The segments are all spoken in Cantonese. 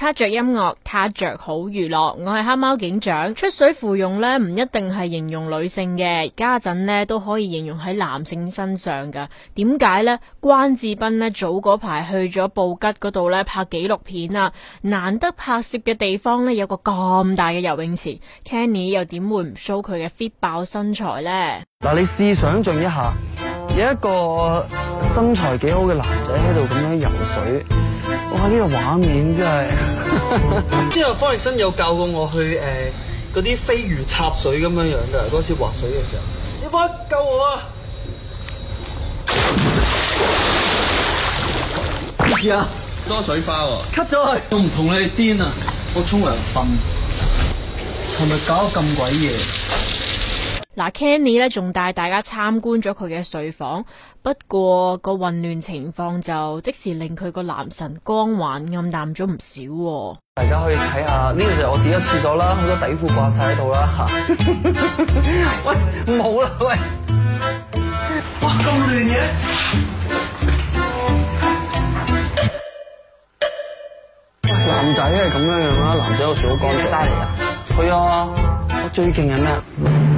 他着音樂，他着好娛樂。我係黑貓警長。出水芙蓉咧，唔一定係形容女性嘅，家陣咧都可以形容喺男性身上噶。點解咧？關智斌咧早嗰排去咗布吉嗰度咧拍紀錄片啊，難得拍攝嘅地方咧有個咁大嘅游泳池，Kenny 又點會唔 show 佢嘅 fit 爆身材咧？嗱，你試想像一下，有一個身材幾好嘅男仔喺度咁樣游水。哇！呢、這個畫面真係，之 後方力申有教過我去誒嗰啲飛魚插水咁樣樣㗎，嗰次滑水嘅時候。小班救我啊！咩事啊？多水花喎、啊，吸咗。都唔同你癲啊！我沖涼瞓，琴日搞咁鬼嘢？嗱，Kenny 咧仲帶大家參觀咗佢嘅睡房，不過個混亂情況就即時令佢個男神光環暗淡咗唔少喎。大家可以睇下呢度就係我自己嘅廁所啦，好多底褲掛晒喺度啦吓？ 喂，冇啦，喂，哇咁亂嘅！ 男仔係咁樣樣啦，男仔有少都幹得嚟啊。係啊 的，我最勁係咩啊？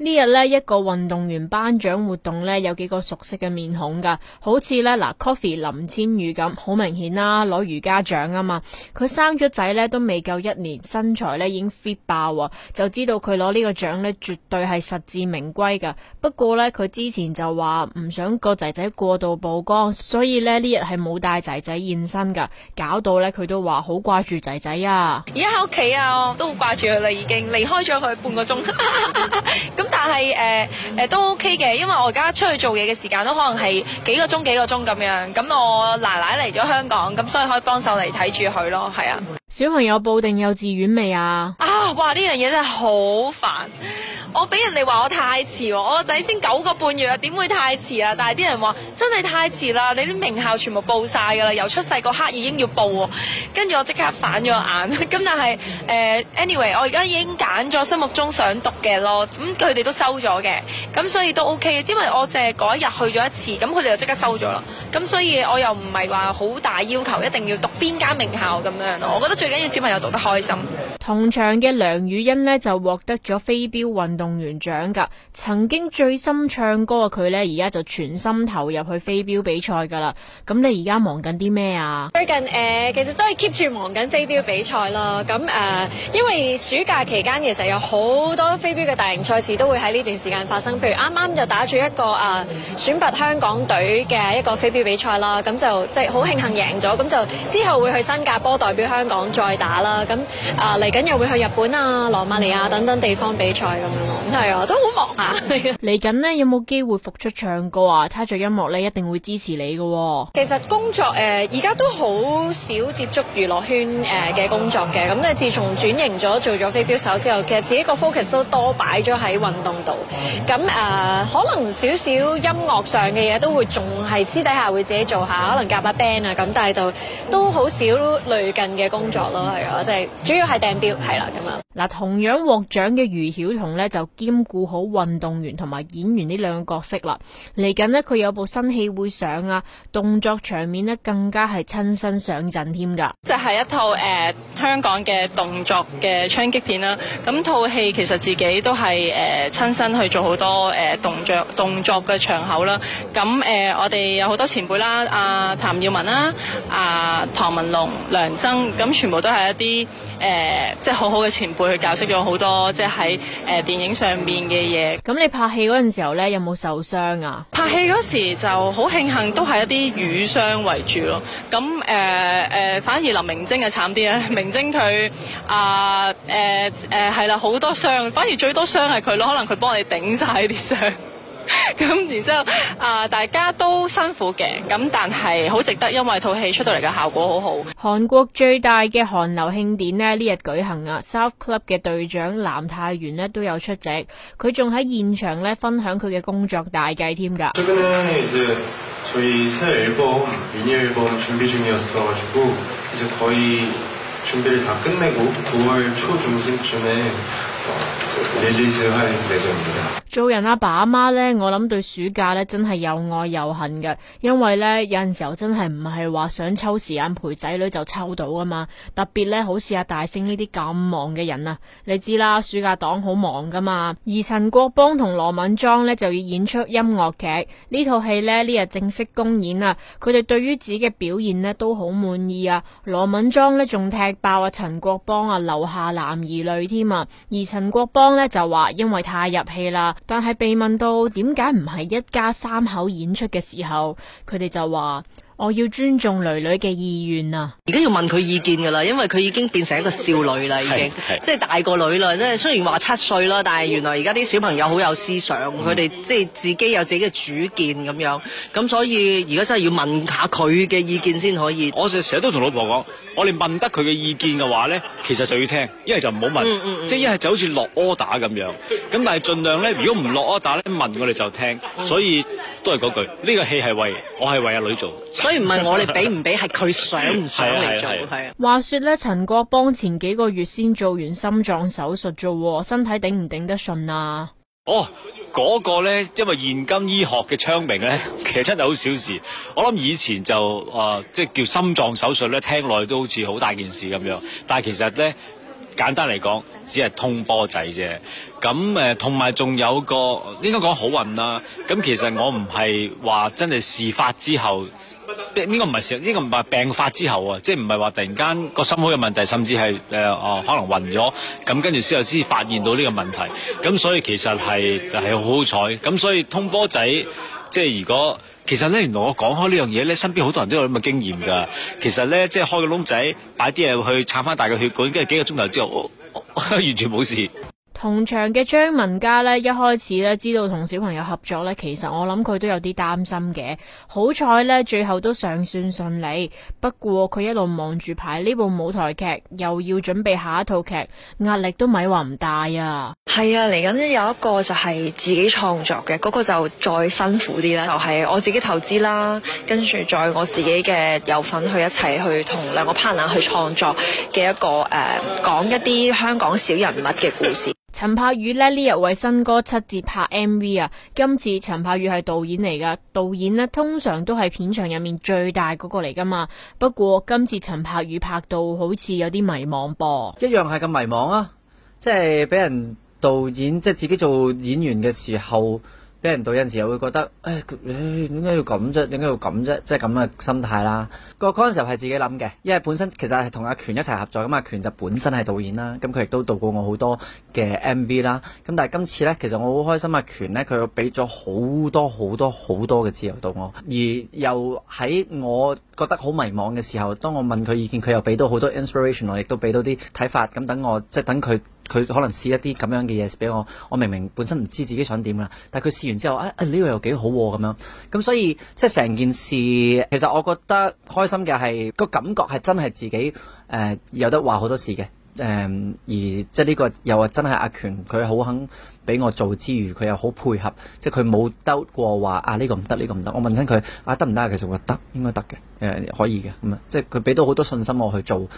呢日呢一個運動員頒獎活動呢有幾個熟悉嘅面孔噶，好似呢嗱 Coffee 林千羽咁，好明顯啦，攞瑜伽獎啊嘛，佢生咗仔呢都未夠一年，身材呢已經 fit 爆喎，啊，就知道佢攞呢個獎呢絕對係實至名歸噶。不過呢，佢之前就話唔想個仔仔過度曝光，所以呢，呢日係冇帶仔仔現身噶，搞到呢，佢都話好掛住仔仔啊，而家喺屋企啊，都好掛住佢啦已經，離開咗佢半個鐘 但係誒、呃呃、都 OK 嘅，因為我而家出去做嘢嘅時間都可能係幾個鐘幾個鐘咁樣，咁我奶奶嚟咗香港，咁所以可以幫手嚟睇住佢咯，係啊。小朋友報定幼稚園未啊？啊，哇！呢樣嘢真係好煩，我俾人哋話我太遲，我仔先九個半月啊，點會太遲啊？但係啲人話真係太遲啦，你啲名校全部報晒㗎啦，由出世個刻已經要報喎，跟住我即刻反咗眼。咁但係誒、呃、anyway，我而家已經揀咗心目中想讀嘅咯，咁佢。你都收咗嘅，咁所以都 O、OK、K。因為我淨係嗰一日去咗一次，咁佢哋就即刻收咗啦。咁所以我又唔係話好大要求，一定要讀邊間名校咁樣咯。我覺得最緊要小朋友讀得開心。同場嘅梁雨欣咧就獲得咗飛鏢運動員獎噶。曾經醉心唱歌嘅佢咧，而家就全心投入去飛鏢比賽噶啦。咁你而家忙緊啲咩啊？最近誒、呃，其實都係 keep 住忙緊飛鏢比賽咯。咁誒、呃，因為暑假期間其實有好多飛鏢嘅大型賽事都，會喺呢段時間發生，譬如啱啱就打住一個啊選拔香港隊嘅一個飛鏢比賽啦，咁就即係好慶幸贏咗，咁就之後會去新加坡代表香港再打啦，咁啊嚟緊又會去日本啊、羅馬尼亞等等地方比賽咁樣咯，係啊，都好忙啊。嚟緊 呢，有冇機會復出唱歌啊？聽着音樂呢，一定會支持你嘅、哦。其實工作誒，而、呃、家都好少接觸娛樂圈誒嘅、呃、工作嘅。咁、嗯、你自從轉型咗做咗飛鏢手之後，其實自己個 focus 都多擺咗喺運動度。咁、嗯、誒、呃，可能少少音樂上嘅嘢都會仲係私底下會自己做下，可能夾把 band 啊、嗯。咁但係就都好少類近嘅工作咯。係啊，即、就、係、是、主要係掟鏢，係啦咁啊。嗱，同樣獲獎嘅余曉彤咧，就兼顧好運動員同埋演員呢兩個角色啦。嚟緊咧，佢有部新戲會上啊，動作場面咧更加係親身上陣添㗎。就係一套誒、呃、香港嘅動作嘅槍擊片啦。咁套戲其實自己都係誒、呃、親身去做好多誒、呃、動作動作嘅場口啦。咁誒、呃、我哋有好多前輩啦，阿、呃、譚耀文啦，阿、呃、唐文龍梁琤，咁全部都係一啲誒、呃、即係好好嘅前輩。佢教識咗好多即係喺誒電影上面嘅嘢。咁你拍戲嗰陣時候咧，有冇受傷啊？拍戲嗰時就好慶幸，都係一啲瘀傷為主咯。咁誒誒，反而林明晶就慘啲啊。明晶佢啊誒誒，係、呃呃呃呃、啦，好多傷，反而最多傷係佢咯。可能佢幫你頂晒啲傷。咁 然之後啊，大家都辛苦嘅，咁但係好值得，因為套戲出到嚟嘅效果好好。韓國最大嘅韓流慶典呢，呢日舉行啊，South Club 嘅隊長南太元呢都有出席，佢仲喺現場咧分享佢嘅工作大計添噶你你做人阿爸阿媽呢，我諗對暑假呢真係又愛又恨嘅，因為呢有陣時候真係唔係話想抽時間陪仔女就抽到噶嘛。特別呢，好似阿大星呢啲咁忙嘅人啊，你知啦，暑假檔好忙噶嘛。而陳國邦同羅敏莊呢就要演出音樂劇，呢套戲呢呢日正式公演啊。佢哋對於自己嘅表現呢都好滿意啊。羅敏莊呢仲踢爆啊，陳國邦啊留下男兒淚添啊，而陳。陳國邦咧就話因為太入戲啦，但係被問到點解唔係一家三口演出嘅時候，佢哋就話。我要尊重女女嘅意願啊！而家要問佢意見噶啦，因為佢已經變成一個少女啦，已經即係大個女啦。即係雖然話七歲啦，但係原來而家啲小朋友好有思想，佢哋、嗯、即係自己有自己嘅主見咁樣。咁所以而家真係要問下佢嘅意見先可以。我成日都同老婆講，我哋問得佢嘅意見嘅話咧，其實就要聽，一係就唔好問，嗯嗯嗯、即係一係就好似落 order 咁樣。咁但係盡量咧，如果唔落 order 咧，問我哋就聽。所以都係嗰句，呢、呢個戲係為我係為阿女做。 所以唔係我哋俾唔俾，係佢想唔想嚟做。係啊是是，話說咧，陳國邦前幾個月先做完心臟手術啫喎，身體頂唔頂得順啊？哦，嗰、嗰個咧，因為現今醫學嘅昌明咧，其實真係好小事。我諗以前就、呃、即係叫心臟手術咧，聽落去都好似好大件事咁樣。但係其實咧，簡單嚟講，只係通波仔啫。咁、誒、同埋仲有，仲有個應該講好運啦。咁其實我唔係話真係事發之後。呢個唔係事實，呢個唔係病發之後啊，即係唔係話突然間個心好有問題，甚至係誒哦可能暈咗，咁跟住之後先發現到呢個問題，咁所以其實係係好好彩，咁所以通波仔即係如果其實咧，原來我講開呢樣嘢咧，身邊好多人都有咁嘅經驗㗎。其實咧，即係開個窿仔，擺啲嘢去撐翻大個血管，跟住幾個鐘頭之後，完全冇事。同場嘅張文嘉呢，一開始呢，知道同小朋友合作呢，其實我諗佢都有啲擔心嘅。好彩呢，最後都尚算順利。不過佢一路望住排呢部舞台劇，又要準備下一套劇，壓力都咪話唔大啊。係啊，嚟緊有一個就係自己創作嘅，嗰、那個就再辛苦啲啦。就係、是、我自己投資啦，跟住再我自己嘅有份去一齊去同兩個 partner 去創作嘅一個誒，講、呃、一啲香港小人物嘅故事。陳柏宇呢呢日為新歌七字拍 M V 啊，今次陳柏宇係導演嚟噶，導演呢通常都係片場入面最大嗰個嚟噶嘛，不過今次陳柏宇拍到好似有啲迷茫噃，一樣係咁迷茫啊，即係俾人導演，即係自己做演員嘅時候。俾人導嗰陣時又會覺得，誒，點解要咁啫？點解要咁啫？即係咁嘅心態啦。個 concept 係自己諗嘅，因為本身其實係同阿權一齊合作，咁阿權就本身係導演啦。咁佢亦都導過我好多嘅 MV 啦。咁但係今次呢，其實我好開心。阿權呢，佢又俾咗好多好多好多嘅自由度我，而又喺我覺得好迷茫嘅時候，當我問佢意見，佢又俾到好多 inspiration，我亦都俾到啲睇法，咁等我即係等佢。佢可能試一啲咁樣嘅嘢俾我，我明明本身唔知自己想點啦，但係佢試完之後，啊啊呢個又幾好喎、啊、咁樣，咁所以即係成件事，其實我覺得開心嘅係、個感覺係真係自己誒、呃、有得話好多事嘅。誒、嗯、而即係呢個又話真係阿權佢好肯俾我做之餘，佢又好配合，即係佢冇兜過話啊呢個唔得，呢個唔得。我問親佢啊得唔得？其實話得，應該得嘅，誒、呃、可以嘅咁啊。即係佢俾到好多信心我去做誒嗰、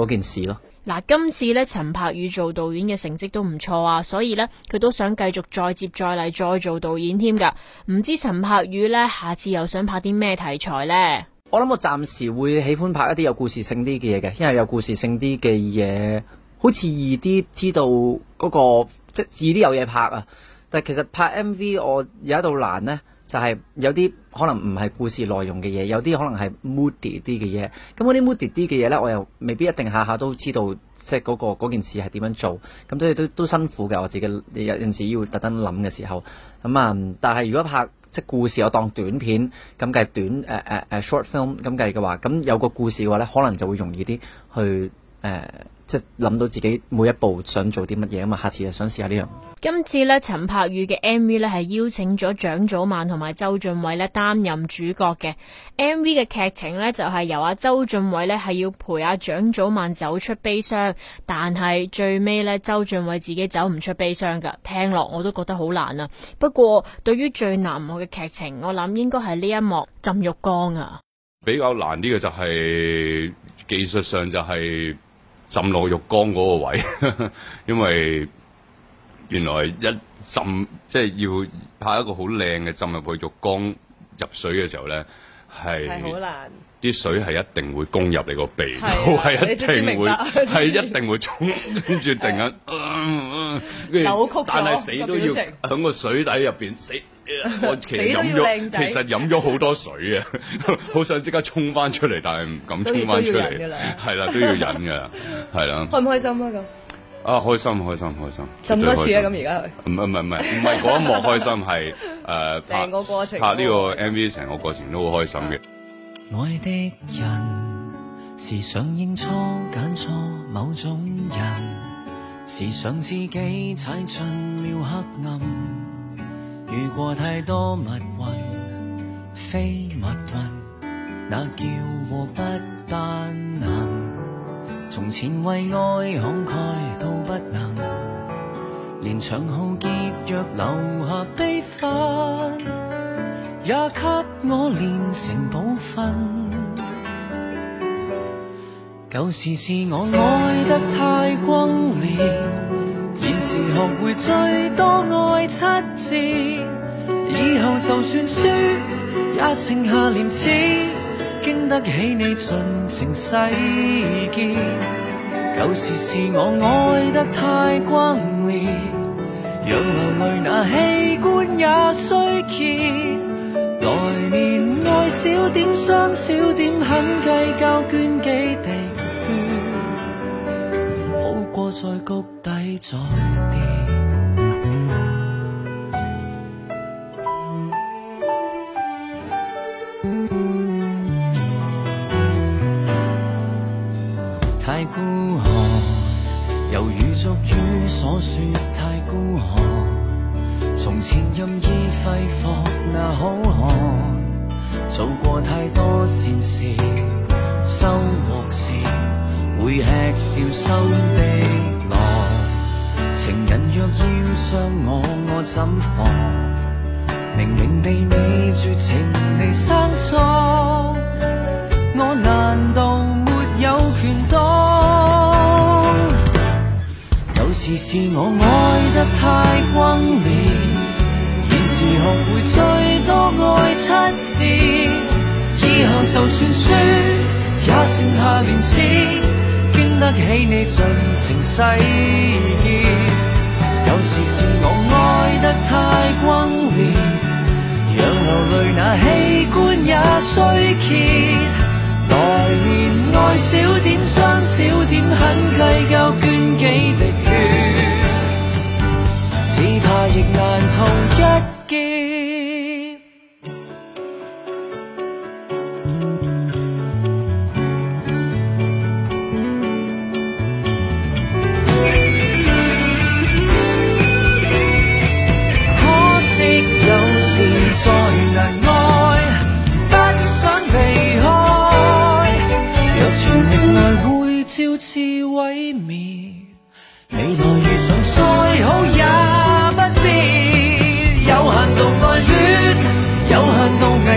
呃、件事咯。嗱，今次呢陳柏宇做導演嘅成績都唔錯啊，所以呢，佢都想繼續再接再厲，再做導演添㗎。唔知陳柏宇呢，下次又想拍啲咩題材呢？我諗我暫時會喜歡拍一啲有故事性啲嘅嘢嘅，因為有故事性啲嘅嘢，好似易啲知道嗰個，即係易啲有嘢拍啊。但係其實拍 MV 我有一度難呢，就係有啲可能唔係故事內容嘅嘢，有啲可能係 moody 啲嘅嘢。咁嗰啲 moody 啲嘅嘢呢，我又未必一定下下都知道。即係、那、嗰個嗰件事係點樣做，咁所以都都辛苦嘅。我自己有陣時要特登諗嘅時候，咁啊，但係如果拍即故事，我當短片咁計短，誒誒誒 short film 咁計嘅話，咁有個故事嘅話咧，可能就會容易啲去誒。Uh 即諗到自己每一步想做啲乜嘢啊嘛，下次就想試下呢、這、樣、個。今次咧陳柏宇嘅 M V 咧係邀請咗蔣祖曼同埋周俊偉咧擔任主角嘅 M V 嘅劇情呢就係、是、由阿、啊、周俊偉咧係要陪阿、啊、蔣祖曼走出悲傷，但係最尾呢，周俊偉自己走唔出悲傷噶，聽落我都覺得好難啊。不過對於最難忘嘅劇情，我諗應該係呢一幕浸浴缸啊，比較難呢嘅就係技術上就係、是。浸落浴缸嗰個位，因為原來一浸即係要拍一個好靚嘅浸入去浴缸入水嘅時候咧，係好難，啲水係一定會攻入你個鼻，係一定會，係一定會衝，跟住定啊！扭曲，但係死都要喺個水底入邊死，我其實飲咗，其實飲咗好多水啊！好想即刻衝翻出嚟，但係唔敢衝翻出嚟。係啦，都要忍嘅，係啦。開唔開心啊？咁啊開心，開心，開心。浸多次啊？咁而家唔唔唔唔係嗰一幕開心，係誒拍拍呢個 MV 成個過程都好開心嘅。愛的人是想認錯揀錯某種人。時常自己踩進了黑暗，遇過太多蜜運，非蜜運，那叫禍不單行，從前為愛慷慨都不能，連長浩劫若留下悲憤，也給我煉成寶訓。舊時是我愛得太轟烈，現時學會最多愛七次，以後就算輸，也剩下廉恥，經得起你盡情洗劫。舊時是我愛得太轟烈，讓流淚那器官也衰竭，來年愛少點，傷少點，肯計較捐幾滴。在谷底再跌，太孤寒。猶如俗語所說，太孤寒。從前任意揮霍那好漢，做過太多善事，收穫是。會吃掉心的我，情人若要傷我，我怎防？明明被你絕情地傷錯，我難道沒有權當？有時是我愛得太轟烈，現時學會最多愛七字，以後就算輸，也剩下面子。得起你盡情洗劫，有時是我愛得太轟烈，讓流淚那器官也衰竭。來年愛少點，傷少點，很計較，捐幾滴血，只怕亦難同。